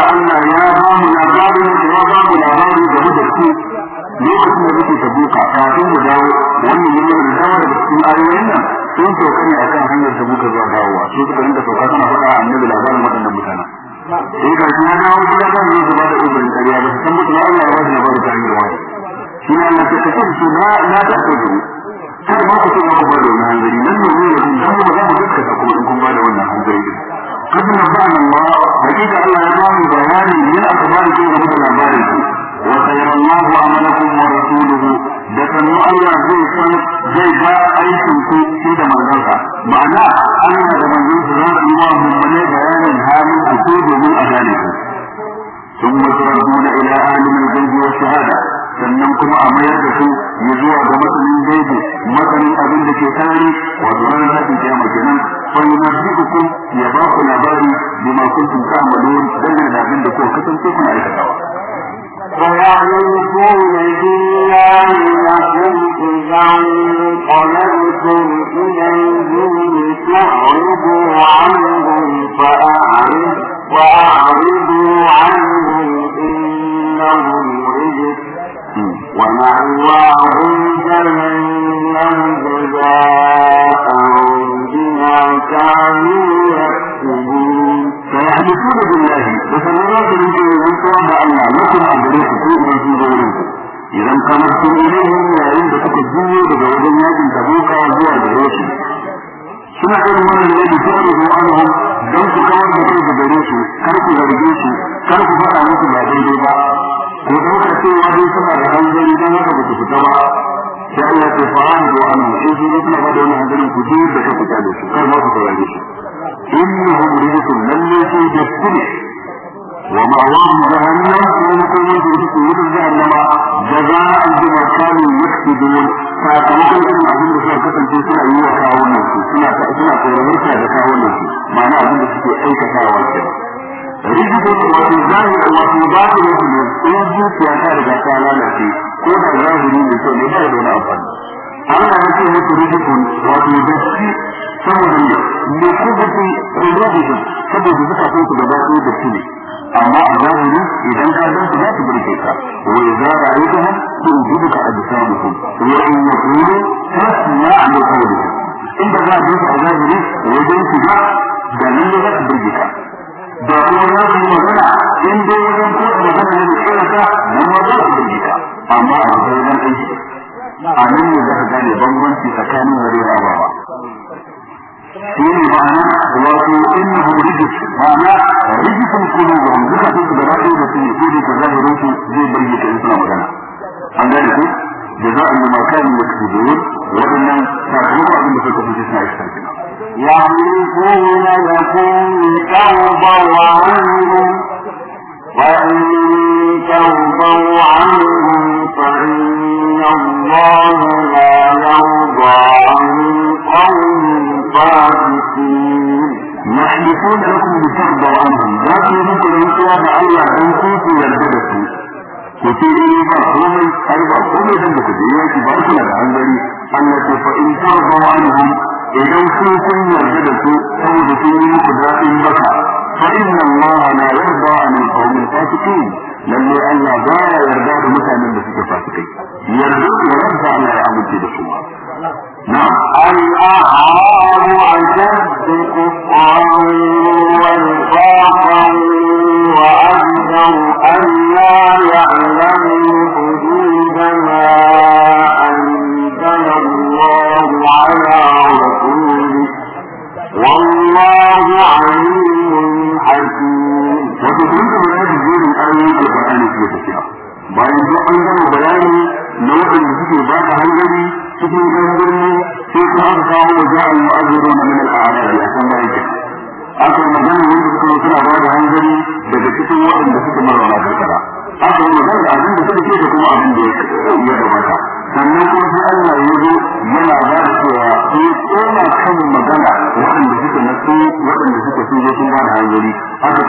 da Allah ya ba mu labarin ya ba mu labarin da muke ci lokacin da muke tabuka kafin mu dawo wannan yana da dawo da cikin ayoyin nan sun sauka ne akan hanyar da muka zuwa dawowa su suka rinka sauka suna faɗa annabi labarin waɗannan mutanen sai ga shi na dawo gida kan yi zuba da ubin ƙarya ba su san mutu ba Allah ya ba su labarin ta hanyar wani shi ne Allah ta kasar su na na ta aka zuru kada ma ku ce na ku ba da wani hanzari nan ne ne da kun san ba za mu gaskata kuma in kun ba da wannan hanzari قبل نبأنا الله حقيقة الله يضعني بيان من أخبار كيف مثل أخباره وخير الله عملكم ورسوله da sannu Allah zai san zai ga aikin ku shi da manzansa ma'ana Allah da manzon su zan yi wa mummune bayanin halin ku ko domin a gane ku sun mutaraduna ila alimin gaibi wa shahada sannan kuma a mayar da su ya zuwa ga masanin gaibi masanin abin da ke sarari wato ranar haɗin kiyama kenan فينبئكم يضاف العباد بما كنتم تعملون دلنا عند كل كتب كيكم على الدواء ويعرفون بالله لكم إذا انقلبتم إليهم تعرضوا عنهم فأعرضوا وأعرضوا عنهم إنهم رجس نعم. ومأواهم جهنم جزاء كانوا يكسبون فيحدثون بالله وسنرات من جيوبهم سواء da yake fara da wa'anhum don su kawar da kai da gare su kar ku zarge su kar ku ba daidai ba ko suna da hanzari don haka ba fita ba sai Allah ya fara da wannan shi shi kuma ba da wannan hadirin ku duk da kuka da shi kar ma ku saurare shi innahum rijsun lalle sai da kuma wa ma'awahum jahannam kuma kuma da su wurin jahannama jaza'an bima kanu yaktubun sakamakon irin abin da suka kasance suna yi wa kawunan su suna suna koyar da kawunan su ma'ana abin da suke aikatawa kenan rigido wato zahiri wato zahiri ne in zuciya ta riga ta lalace ko da zahiri ne to ne ba da wani amfani Allah ya ce musu rigidun wato datti saboda ne ne kubuti rigidun saboda zuka ko ku gaba ko datti ne amma a zahiri idan ka zanta za su burge ka wa idza ra'aytahum tujibuka absaruhum wa in yaqulu tasma'a li qawlihim in ba za a je a zahiri wajen shiga da nan ne za su burge ka da kuma ya yi magana in dai wajen ko magana ne da kanka nan ma za ku yi ka amma a wajen aiki a nan ne za ka gane bambanci tsakanin wari da abawa shi ne ma'ana wato innahu rijis ma'ana rijisun kulubun duka su da ra'ayi da su ne ko da zahirin su zai bayyana in suna magana an gane ku جزاء لما كانوا يكسبون وإن تقربوا من فكرة جسنا يشتركنا يحلفون لكم ترضوا عنهم وإن ترضوا عنهم فإن الله لا يرضى عن القوم الفاسقين يحلفون لكم لترضوا عنهم لكن يمكن أن يكون الله أنكم في يلبسكم وفي ذلك قومي أربع قومي ذنبكم إياك بأسنا عن ذلك أن فإن ترضوا عنهم idan ku kun yarda da su saboda sun yi muku daɗin baka fa inna Allah la yarda an al-qawm al-fasiqin lalle Allah ba ya yarda da mutanen da suke fasikai yarda da Allah ya amince da su na'am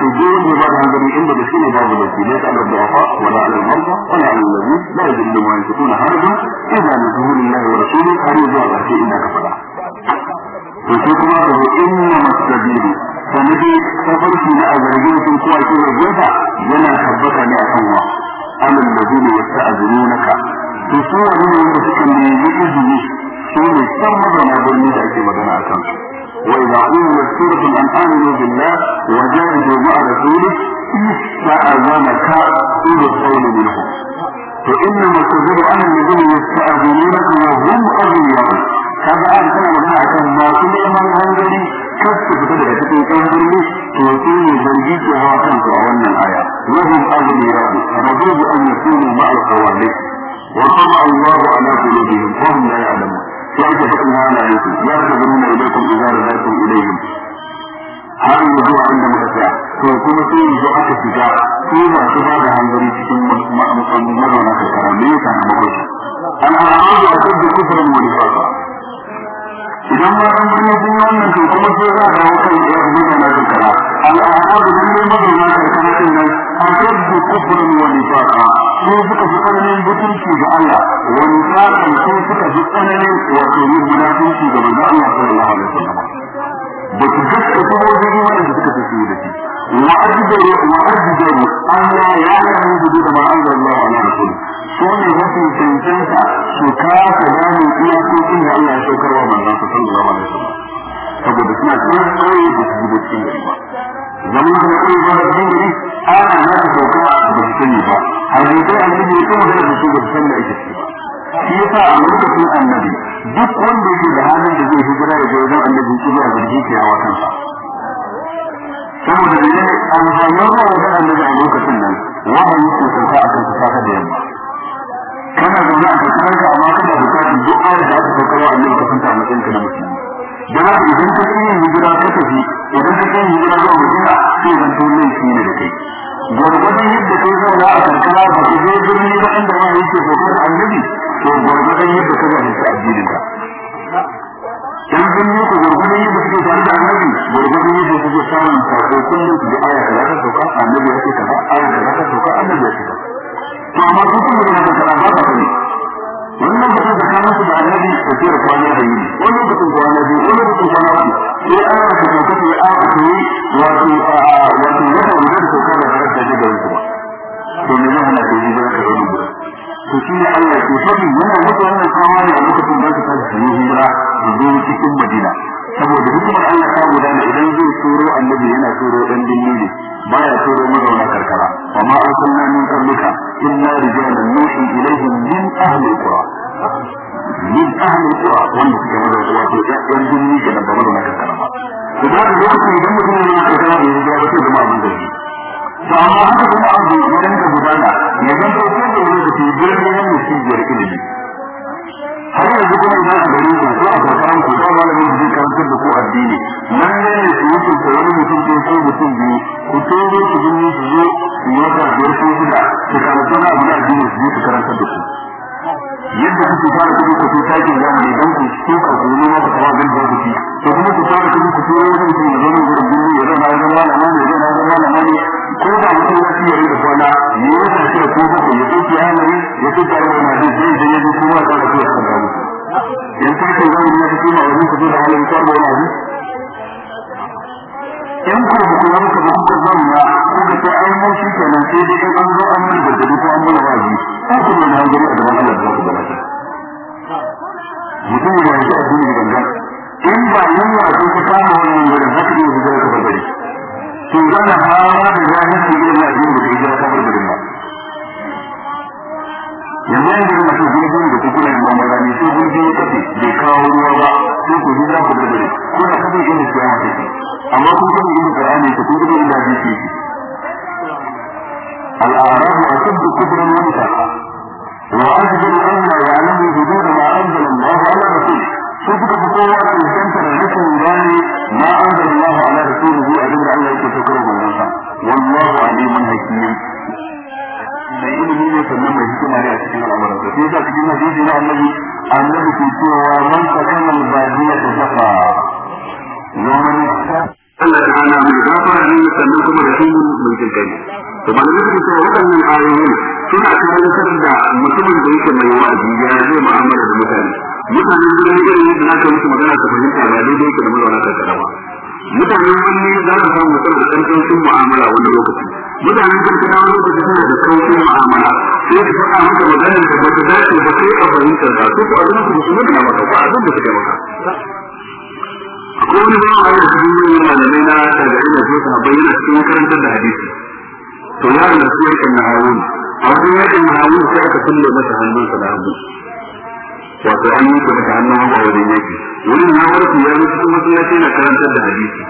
في دول وبعد عن بني بسيني بعض الوكي ليس على الضعفاء ولا على المرضى ولا على الذين لا يجد ما يكون حرجا إذا من الله ورسوله أن يزال في إلا كفلا وشكرا له إنما السبيل فمدي تفرسي لأزرجين في قوة الجبع ولا حبك الله أما الذين يستأذنونك تصور من المسكن ليجزي سوى السر ما برمي ذلك مدنا أكامك وإذا أولت سورة الأنعام بالله وجاهدوا مع رسوله استأذنك أولو الطول منهم فإنما الكذب على الذين يستأذنونك وهم أغنياء هذا أن كان لنا ما كل إمام هنجري كيف تبدأ تكون كهنجري تكون زوجيك هواكنك أولنا الآية وهم أغنياء رضوا أن يكونوا مع الخوارج وطبع الله على قلوبهم وهم لا يعلمون فأنت فإنها لا يكون لا تظنون إليكم إذا رجعتم إليهم har yanzu zuwa inda muka tsaya to kuma sai yanzu aka shiga su masu ba da hanzari cikin mazauna karkara me yasa na mako shi al'adu a kan da kufurin wani fasa idan ma an kuma sun yi wannan to kuma sai za a dawo kan ya fi mazauna karkara al'adu da kuma mazauna karkara sun nan a kan da kufurin wani fasa su suka fi tsananin butunci ga Allah wani fasa su suka fi tsananin wato yin munafunci ga manzo Allah sallallahu alaihi wasallam ba su dukkan sabobi da suka tafi da shi wa ajdaru wa ajdaru an la ya'lamu bi da ma anzal Allah ala rasul so ne mafi cancanta su kasa gane iyakokin da Allah ya saukarwa manzon sa sallallahu alaihi wasallam saboda suna cikin tsaye da su da cikin gari ba zaman da kai ba da gari ana na sauka da su ne ba har dai annabi ya kuma da su da su da ake ciki shi yasa a lokacin annabi duk wanda yake da halin da zai hijira da jirgin annabi shi zuwa jirgi ke yawa kansa saboda ne amfanin ruwa da annabi a lokacin nan wahayi ke sauka a kan kusa da yamma kana zaune a kasar ka amma kana bukatar duk ayar da aka sauka wa annabi ka santa a matsayin ka na musulmi dan haka idan ka yin hijira ka tafi idan ka kiyaye hijira zuwa madina sai zan to laifi ne da kai gwargwadon yadda kai zauna a karkara ba ku je birni ba inda ma yake sauka to gurgurdan yadda kuma fahimci addinin ka in sun yi ku gurgurdan da suke tare da annabi gurgurdan yadda suke samun sako kullum su ji aya ka zaka sauka annabi ya ce kaza aya ka zaka sauka annabi ya ce to amma su kuma da mata ba ta ne wannan da kamun su da annabi da tsere kwana da Wannan wani batun kwana biyu wani batun kwana uku sai aya ka sauka ta yi aya yi wato wato wata guda da sauka da har da ji da kuma to me ne hana ka yi ba ka yi to shi ne Allah ya so shi wannan mutu wannan kama ne a lokacin da su tashi yi hijira da zo cikin Madina saboda hukumar Allah ta gudana idan zai turo annabi yana turo dan dinni ne baya turo mazauna karkara wa ma arsalna min qablika illa rijalan nuhi ilaihim min ahli alqura min ahli alqura wanda suke mazauna wato dan dinni ke da mazauna karkara ba to da lokacin idan mutum yana karkara da ya ga wata jama'a mun da shi to amma haka kuma abu ya dinga gudana ya zan ko ko da su da birnin wannan cibiyar ilimi har yanzu kuma ina a gari ku ko a karkaran ku da malamin da zai karantar da ku addini nan ne ne ku yi ku wani mutum ko ko mutum biyu ku toro ku gani su zo ku yi wata biyar ko shida ku karantar da abu da addini ku karantar da ku yadda kuke fara kuɗi ku tuta ke zamani don ku tuka ku nuna ku kawo abin da kuke to kuma ku fara kuɗi ku tura wani mutum ya zama gurin birni ya zama ya zama na ya zama ya zama na ko da mutum ya ci yare da kwana ya yi ta ce ko ba ku ya ce ki amari ya ce ki amari na zai zai zai zai kuma ka rafi ya kan gani yan farko zamani na fito ma wani kuɗi da halin kwarbo na zai In kuma ku kuma ku kuma ku zama ce an hau shi ke nan sai dai an zo an mana gargadi ko an mana wazi ko ku ne na gari a gaban Allah da ku gaba ta mutum ya yi addini da in ba yunwa ko ku kama wannan da haka ne ku zai ka barbari to zana hawa da zahiri ke gina addini da gida ka barbarin ba yanzu yanzu da masu gurgun da kuka yi mamar rami sai gurgun ya kafe kawo ruwa ba sai ku ji za ku barbare ko da kuma gina kiyama take amma kun gina gina ƙar'ani ta kun da gina hadisi الأعراب أشد كفرا ونفاقا وأجدر أن لا يعلموا حدود ما أنزل الله على رسوله شوف بقوة الإنسان الرسم الغالي ما أنزل الله على رسوله أجدر أن لا يتشكره بالنساء والله عليم حكيم mai ilimi ne sannan mai hikima ne a cikin al'amuran sa sai da cikin hadisi na annabi annabi ke cewa man takana al-badiya ta zafa yawman Allah ta'ala mai gafara ne sannan kuma da hin mai jinkai to ba ne ke cewa waɗannan ayoyi suna cikin da mutumin da yake mai wa'azi ya zai mu'amala da mutane mutanen gurin irin yadda na musu magana ta fahimta ba daidai yake da mazauna karkara ba mutane wani za su samu saboda ƙarfin mu'amala wani lokaci da karkara wani lokaci suna da ƙarfin mu'amala sai su faɗa maka maganar da ba dace ba sai a fahimtar ta su ko a su musulmi na maka ba abin da suke maka akwai wani bayan a yau cikin yin malamai na daga ina zo bayyana cikin karantar da hadisi to ya rasu ya kan harun abu ya kan harun sai aka kulle masa hannun sa da abu wato an yi ko da hannun hawa wajen yake wannan ya warke ya zo cikin ya na karantar da hadisi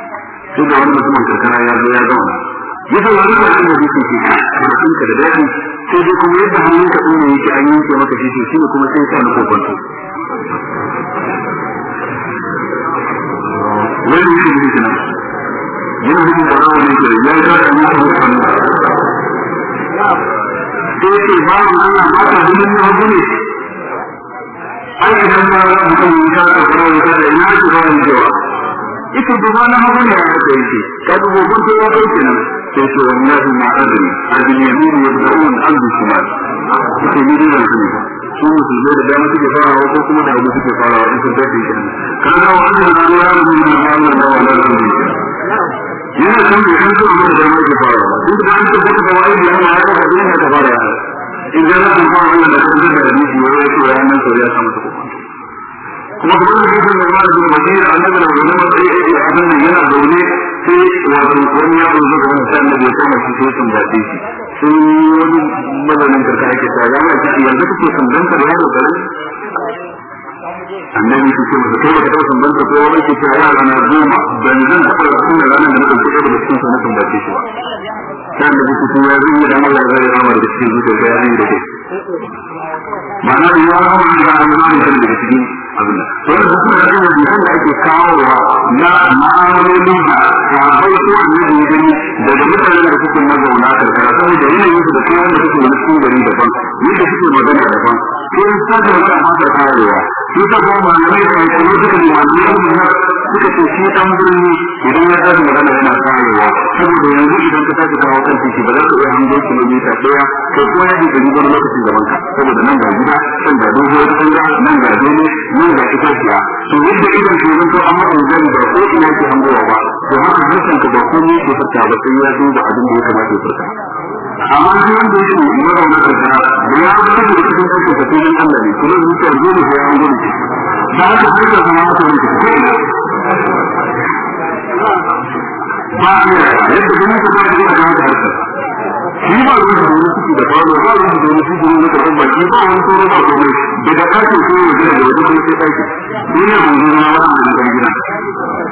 sai da wani mutumin karkara ya zo ya zauna ya wani da abin da yake ke karatun ka da daɗi sai dai kuma yadda hannun ka ɗora yake an yanke maka shi shi ne kuma sai ka na kokonto wani yake ne kenan yana nufin ba rawa ne kare ya yi za ka yi kuma kan sai ce bayan Allah ba ta na hagu ne ai idan ba za mu kan wuta ka fara wuta da ina ita duba na hagu ne ya yake ka dubo kun ta ya kai kenan sai ce wallahi ma adri adri yamin yad'un abdu shimal ita ni dai ban sani ba su musulmai da dama suke farawa ko kuma da abu suke farawa in sun tafi kenan kana wa adri na ruwa mun da wannan da wannan da yana san bai san zuwa da zama ke fara ba duk da an ce da ta fara yana in ga rasu fara wannan da kuma da hadisi wai ya ce ranar sauriya ta mutu kuma kuma da yake da mara da da wannan a eh, eh, nan yana sai wato wani ya zo da wannan sai annabi ya kama shi sai sun dace shi sai wani mazanin ta ya ma yanzu kake sun danta da annabi su ce masa kai baka taɓa tambanta kowa ba ke cewa yara na goma ban zan taɓa rasu da ranar da na ɗauki ɗaya daga cikin sa na tambace shi ba kan da kuka tuwa zai yi damar da zai rama da cikin zuciya ta yayin da kai ma'ana da yawa rama da za a yi rama da daga cikin abin da to yadda kuma da ɗaya da ake kawowa na ma'amalolin da sahabbai ko annabi da gani daga mutanen da suke mazauna karkara saboda yanayin su da kuma da suke wani cikin gari daban yadda suke magana daban sai sadar da masa karewa su ta ba ma mai kai da wani kalmomi ne na suka ce shi dan birni idan ya zama magana yana karewa saboda yanzu idan ka tafi kawo kan titi ba za ka iya hango kilomita daya ko ko ya dinga ribar lokacin gaban ka saboda nan ga gida can ga dogo ya tsanga nan ga dole nan ga itaciya to yadda idan ke zanto ma in zan ba ko ina ke hangowa ba to haka dukkan ka ba komai ke fata ba sai ya duba abin da ya kamata ya furta amma shi wanda yake mazauna karkara da ya fitar da cikin aikin da filin Allah ne yi zuciyar dole sai an gudu da ta sai ka zama masa wani ba a yadda gani ka ba da zuwa da haka shi ba wani da wani suke da kwano ba wani da wani suke da karfin baki ba wani sauran ba kome daga ɗakin ko waje daga waje sai da ɗakin ne ne ban gina wani da na gina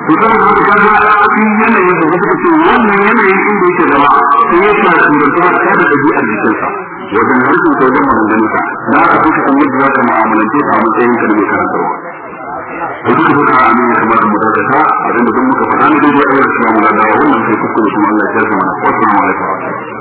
to kan ka ka ga shi yanayin da kuka ce wannan yanayin inda yake zama sai ya sa shi da ta ta da ɗabi'ar jikinsa wajen harkin sauran maganganunsa na ka kuka san yadda za mu'amalance ta a matsayin kalmar karantarwa da duka duka a nan ya kamata mu dakata abinda duk muka faɗa ne dai ya ayyuka mu da wannan sai kuka kuma Allah ya jarfa mana wassalamu